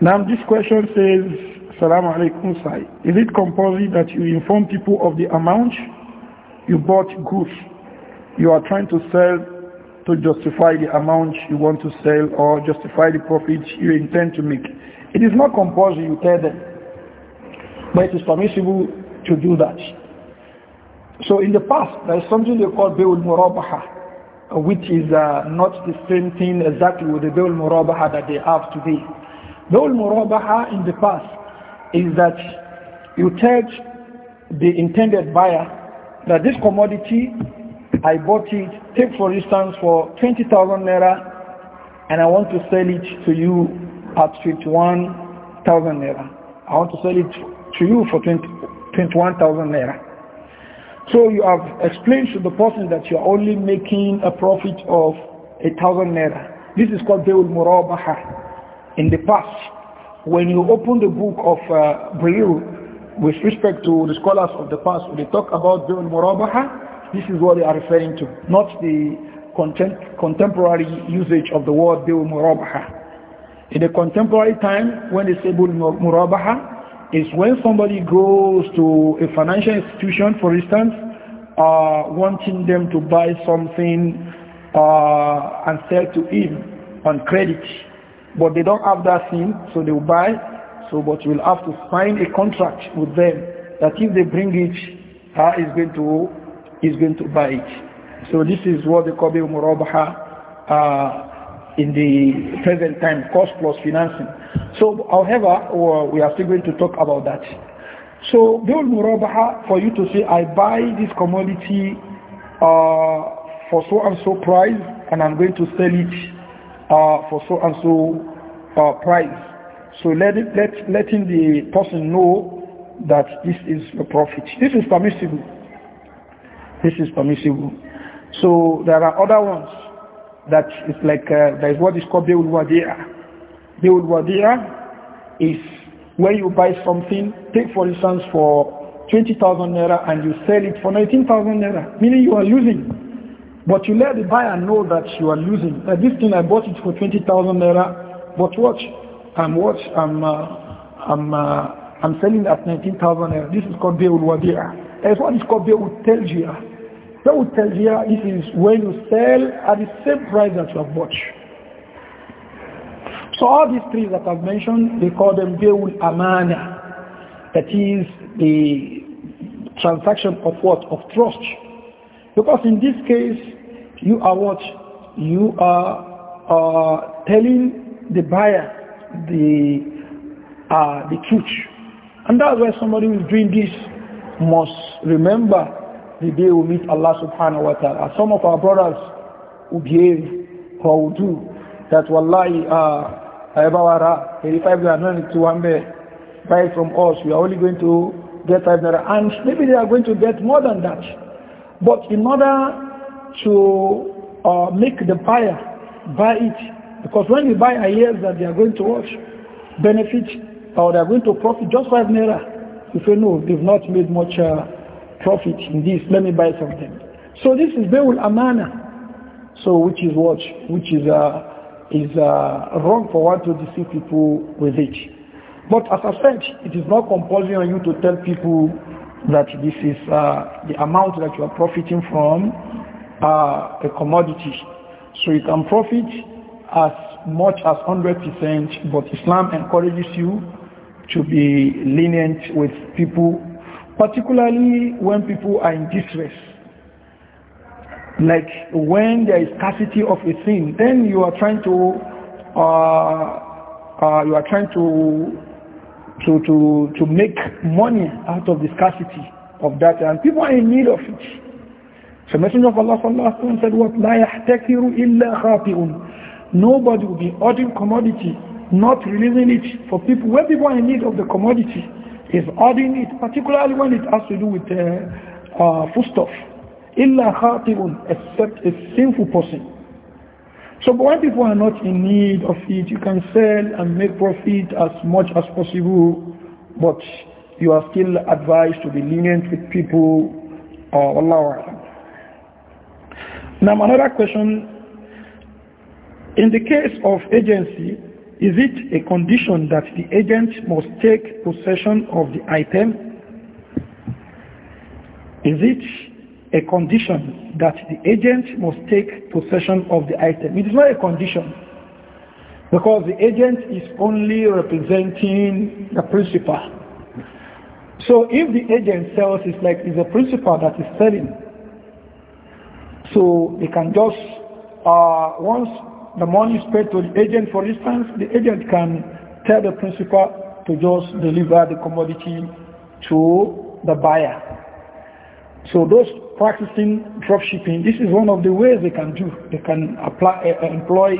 Now this question says, Salamu alaikum sai. Is it compulsory that you inform people of the amount you bought goods you are trying to sell to justify the amount you want to sell or justify the profit you intend to make? It is not compulsory you tell them. But it is permissible to do that. So in the past, there is something they call Beul Murabaha, which is uh, not the same thing exactly with the Beul Murabaha that they have today. Beul Murabaha in the past is that you tell the intended buyer that this commodity, I bought it, take for instance for 20,000 naira and I want to sell it to you at 51,000 naira. I want to sell it to you for 21,000 naira. So you have explained to the person that you're only making a profit of a thousand naira. This is called Deul Murabaha. In the past, when you open the book of uh, Briru, with respect to the scholars of the past, when they talk about Deul Murabaha, this is what they are referring to, not the content, contemporary usage of the word Deul Murabaha. In the contemporary time, when they say Deul Murabaha, is when somebody goes to a financial institution, for instance, uh, wanting them to buy something uh, and sell to him on credit. But they don't have that thing, so they will buy. So, but you will have to sign a contract with them that if they bring it, uh, is going to is going to buy it. So this is what they call the murabaha. Uh, in the present time, cost plus financing. So, however, we are still going to talk about that. So, Bill Murabaha, for you to say, I buy this commodity uh, for so and so price, and I'm going to sell it uh, for so and so uh, price. So let it, let, letting the person know that this is a profit. This is permissible. This is permissible. So there are other ones that is like, uh, there is what is called Beul Wadi'ah. Beul is where you buy something, take for instance for 20,000 naira and you sell it for 19,000 naira, meaning you are losing. But you let the buyer know that you are losing. That this thing I bought it for 20,000 naira, but watch, I'm watch, I'm, uh, I'm, uh, I'm selling at 19,000 naira. This is called Beul Wadi'ah. That's what is called Beul that would tell you if when you sell at the same price that you have bought. So all these three that I've mentioned, they call them Beul Amana. That is the transaction of what? Of trust. Because in this case, you are what? You are uh, telling the buyer the, uh, the truth. And that's why somebody who is doing this must remember the day we meet Allah subhanahu wa ta'ala. Some of our brothers who behave or who do that wallahi uh ayabawara, 35 naira to buy from us, we are only going to get 5 naira and maybe they are going to get more than that. But in order to uh, make the buyer buy it, because when the buyer hears that they are going to watch, benefit or they are going to profit just 5 naira, you say no, they've not made much uh, profit in this, let me buy something. So this is Bewul Amana. So which is what? Which is, uh, is uh, wrong for one to deceive people with it. But as I said, it is not compulsory on you to tell people that this is uh, the amount that you are profiting from uh, a commodity. So you can profit as much as 100%, but Islam encourages you to be lenient with people particularly when people are in distress. Like when there is scarcity of a thing, then you are trying to uh, uh, you are trying to to to to make money out of the scarcity of that, and people are in need of it. So Messenger of Allah sallallahu said, "What la yahtakiru illa khati'un." Nobody will be ordering commodity, not releasing it for people. When people are in need of the commodity, is adding it, particularly when it has to do with uh, uh, foodstuff. Illa khatibun, except a sinful person. So but when people are not in need of it, you can sell and make profit as much as possible, but you are still advised to be lenient with people. Uh, Allah Now another question, in the case of agency, is it a condition that the agent must take possession of the item? Is it a condition that the agent must take possession of the item? It is not a condition because the agent is only representing the principal. So if the agent sells, it's like it's a principal that is selling. So they can just, uh, once the money is paid to the agent, for instance, the agent can tell the principal to just deliver the commodity to the buyer. So those practicing dropshipping, this is one of the ways they can do. They can apply, uh, employ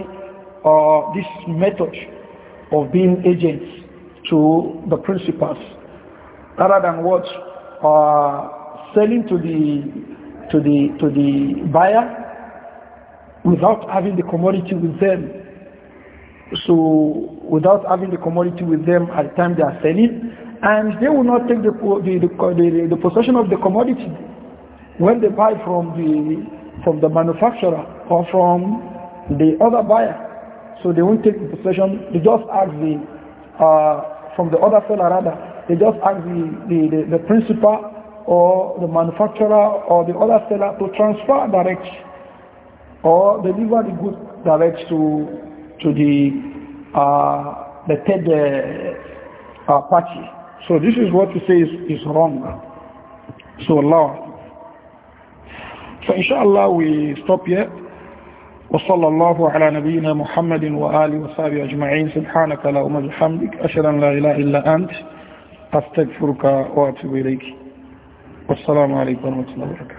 uh, this method of being agents to the principals rather than what uh, selling to the to the to the buyer without having the commodity with them. So without having the commodity with them at the time they are selling, and they will not take the, the, the, the possession of the commodity when they buy from the, from the manufacturer or from the other buyer. So they won't take the possession, they just ask the, uh, from the other seller rather, they just ask the, the, the, the principal or the manufacturer or the other seller to transfer directly or deliver the good direct to to the uh, the third uh, uh, party. So this is what we say is, is wrong. So Allah. So inshallah we stop here. وصلى الله على نبينا محمد وآله وصحبه أجمعين سبحانك اللهم وبحمدك أشهد أن لا إله إلا أنت أستغفرك وأتوب إليك والسلام عليكم ورحمة الله وبركاته